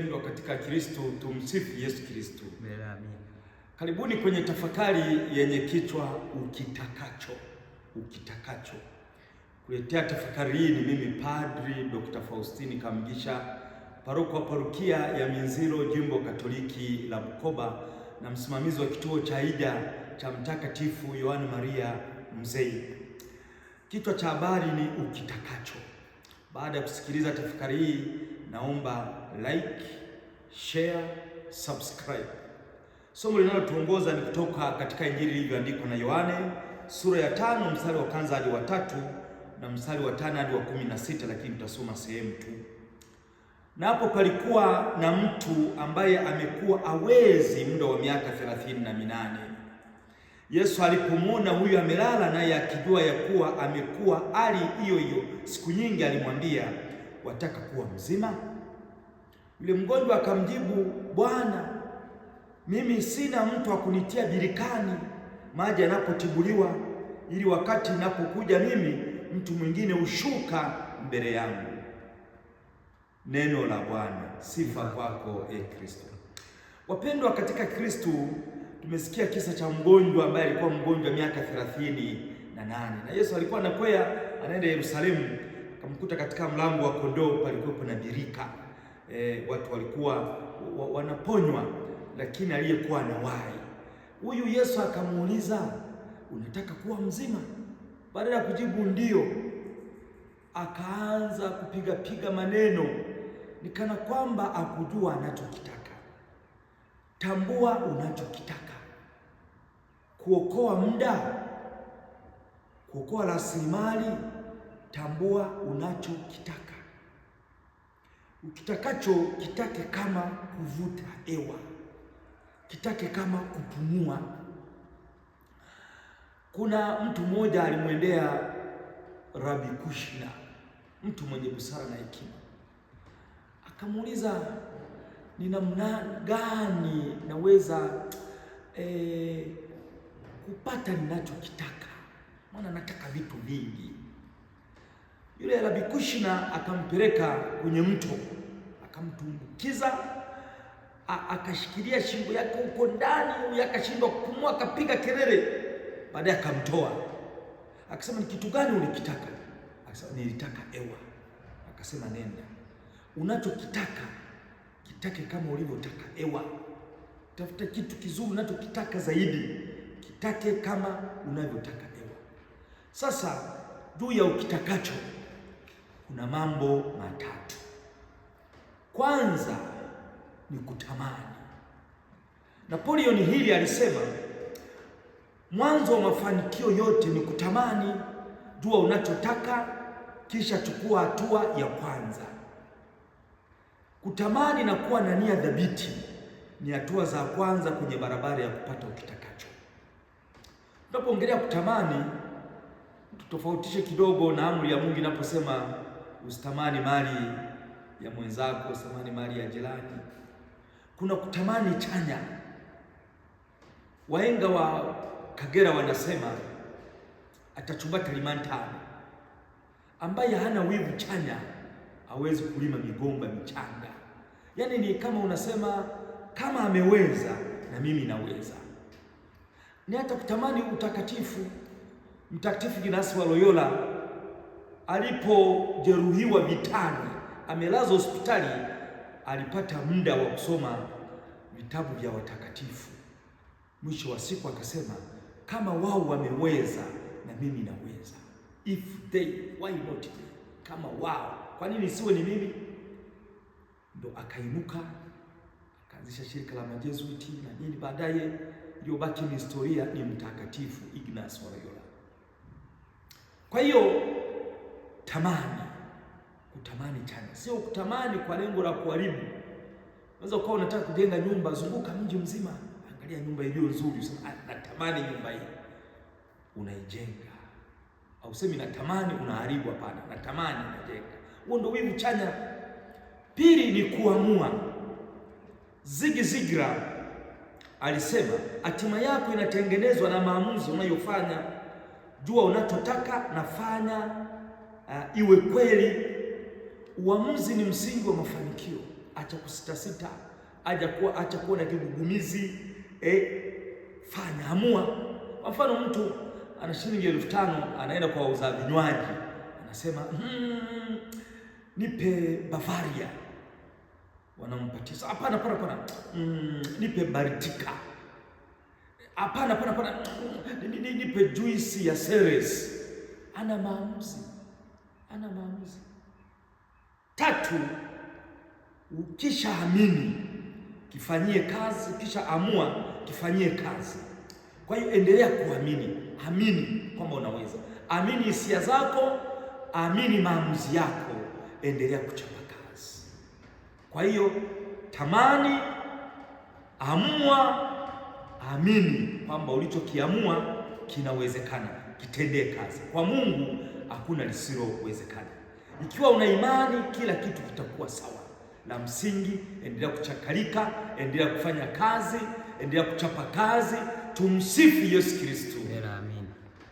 Mpendwa katika Kristo, tumsifu Yesu Kristo. Karibuni kwenye tafakari yenye kichwa ukitakacho, ukitakacho. Kuletea tafakari hii ni mimi Padri Dr. Faustini Kamugisha, paroko wa parukia ya Minziro, Jimbo Katoliki la Bukoba na msimamizi wa kituo cha Ida cha Mtakatifu Yohane Maria Mzee. Kichwa cha habari ni ukitakacho. Baada ya kusikiliza tafakari hii, naomba like, share, subscribe. Somo linalotuongoza ni kutoka katika Injili ilivyoandikwa na Yohane sura ya tano mstari wa kwanza hadi wa tatu na mstari wa tano hadi wa kumi na sita lakini tutasoma sehemu tu. Na hapo palikuwa na mtu ambaye amekuwa awezi muda wa miaka thelathini na minane. Yesu alipomwona huyu amelala, naye akijua ya kuwa amekuwa hali hiyo hiyo siku nyingi, alimwambia, wataka kuwa mzima? Yule mgonjwa akamjibu, Bwana, mimi sina mtu wa kunitia birikani maji yanapotibuliwa, ili wakati inapokuja mimi mtu mwingine hushuka mbele yangu. Neno la Bwana. Sifa kwako e Kristo. Wapendwa katika Kristo, tumesikia kisa cha mgonjwa ambaye alikuwa mgonjwa miaka thelathini na nane na Yesu alikuwa anakwea anaenda Yerusalemu, akamkuta katika mlango wa kondoo palikuwepo na birika e, watu walikuwa wanaponywa, lakini aliyekuwa na huyu Yesu akamuuliza unataka kuwa mzima? Baada ya kujibu ndio, akaanza kupiga piga maneno nikana kwamba akujua anachokitaka. Tambua unachokitaka, kuokoa muda, kuokoa rasilimali. Tambua unachokitaka. Kitakacho kitake kama kuvuta hewa, kitake kama kupumua. Kuna mtu mmoja alimwendea Rabi Kushina, mtu mwenye busara na hekima, akamuuliza ni namna gani naweza eh, kupata ninachokitaka, maana nataka vitu vingi yule Rabi Kushna akampeleka kwenye mto, akamtumbukiza, akashikilia shingo yake huko ndani, akashindwa kupumua, akapiga kelele, baadaye akamtoa. Akasema, ni kitu gani ulikitaka? Akasema, nilitaka ewa. Akasema, nenda, unachokitaka kitake kama ulivyotaka ewa. Tafuta kitu kizuri unachokitaka zaidi, kitake kama unavyotaka ewa. Sasa juu ya ukitakacho kuna mambo matatu. Kwanza ni kutamani. Napoleon hili alisema mwanzo wa mafanikio yote ni kutamani. Jua unachotaka kisha chukua hatua ya kwanza. Kutamani na kuwa na nia dhabiti ni hatua za kwanza kwenye barabara ya kupata ukitakacho. Tunapoongelea kutamani, tutofautishe kidogo na amri ya Mungu inaposema usitamani mali ya mwenzako, usitamani mali ya jirani. Kuna kutamani chanya. Wahenga wa Kagera wanasema atachumba talimani tano. Ambaye hana wivu chanya hawezi kulima migomba michanga. Yaani ni kama unasema kama ameweza na mimi naweza. Ni hata kutamani utakatifu. Mtakatifu Ignasi wa Loyola alipojeruhiwa vitani, amelazwa hospitali, alipata muda wa kusoma vitabu vya watakatifu. Mwisho wa siku akasema, kama wao wameweza na mimi naweza. If they why not Kama wao, kwa nini siwe ni mimi? Ndo akainuka akaanzisha shirika la majezuiti na nini. Baadaye iliyobaki ni historia, ni mtakatifu ignas wa Loyola. Kwa hiyo kutamani, kutamani chanya, sio kutamani kwa lengo la kuharibu. Unaweza ukawa unataka kujenga nyumba, zunguka mji mzima, angalia nyumba iliyo nzuri, usema ah, natamani nyumba hii, unaijenga. Au semi natamani, unaharibu. Hapana, natamani, unajenga. Huo ndio wivu chanya. Pili ni kuamua. Zig Ziglar alisema hatima yako inatengenezwa na maamuzi unayofanya. Jua unachotaka nafanya uh, iwe kweli. Uamuzi ni msingi wa mafanikio. Acha kusitasita, acha kuwa acha kuwa na kigugumizi eh, fanya, amua. Kwa mfano mtu ana shilingi elfu tano anaenda kwa wauza vinywaji, anasema mm, nipe Bavaria, wanampatia hapana, pana pana, mm, nipe Baritika, hapana pana pana, hmm, nipe juisi ya Ceres. Ana maamuzi. tatu, ukishaamini kifanyie kazi, kisha amua kifanyie kazi. Kwa hiyo endelea kuamini, amini kwamba unaweza, amini hisia zako, amini maamuzi yako, endelea kuchapa kazi. Kwa hiyo tamani, amua, amini kwamba ulichokiamua kinawezekana, kitendee kazi. Kwa Mungu hakuna lisilowezekana. Ikiwa una imani, kila kitu kitakuwa sawa. La msingi, endelea kuchakalika, endelea kufanya kazi, endelea kuchapa kazi. Tumsifu Yesu Kristo.